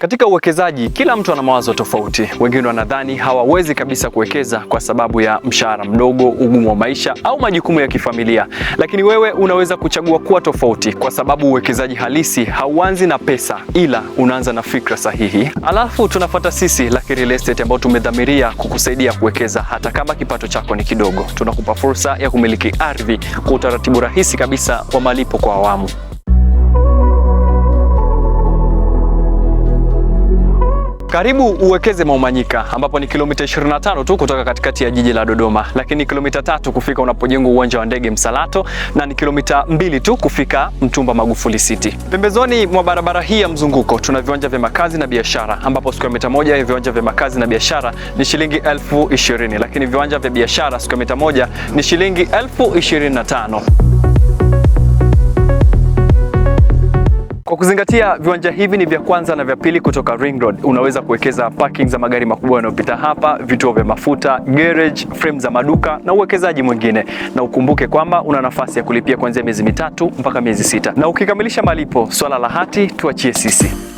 Katika uwekezaji kila mtu ana mawazo tofauti. Wengine wanadhani hawawezi kabisa kuwekeza kwa sababu ya mshahara mdogo, ugumu wa maisha au majukumu ya kifamilia, lakini wewe unaweza kuchagua kuwa tofauti, kwa sababu uwekezaji halisi hauanzi na pesa, ila unaanza na fikra sahihi. Alafu tunafata sisi Lucky Real Estate ambao tumedhamiria kukusaidia kuwekeza hata kama kipato chako ni kidogo. Tunakupa fursa ya kumiliki ardhi kwa utaratibu rahisi kabisa wa malipo kwa awamu. Karibu uwekeze Maumanyika ambapo ni kilomita 25 tu kutoka katikati ya jiji la Dodoma, lakini kilomita tatu kufika unapojengwa uwanja wa ndege Msalato na ni kilomita mbili tu kufika Mtumba Magufuli City. Pembezoni mwa barabara hii ya mzunguko tuna viwanja vya makazi na biashara ambapo square mita moja ya viwanja vya makazi na biashara ni shilingi elfu ishirini, lakini viwanja vya biashara square mita moja ni shilingi elfu ishirini na tano. kuzingatia viwanja hivi ni vya kwanza na vya pili kutoka Ring Road, unaweza kuwekeza parking za magari makubwa yanayopita hapa, vituo vya mafuta, garage, frame za maduka na uwekezaji mwingine, na ukumbuke kwamba una nafasi ya kulipia kuanzia miezi mitatu mpaka miezi sita, na ukikamilisha malipo swala la hati tuachie sisi.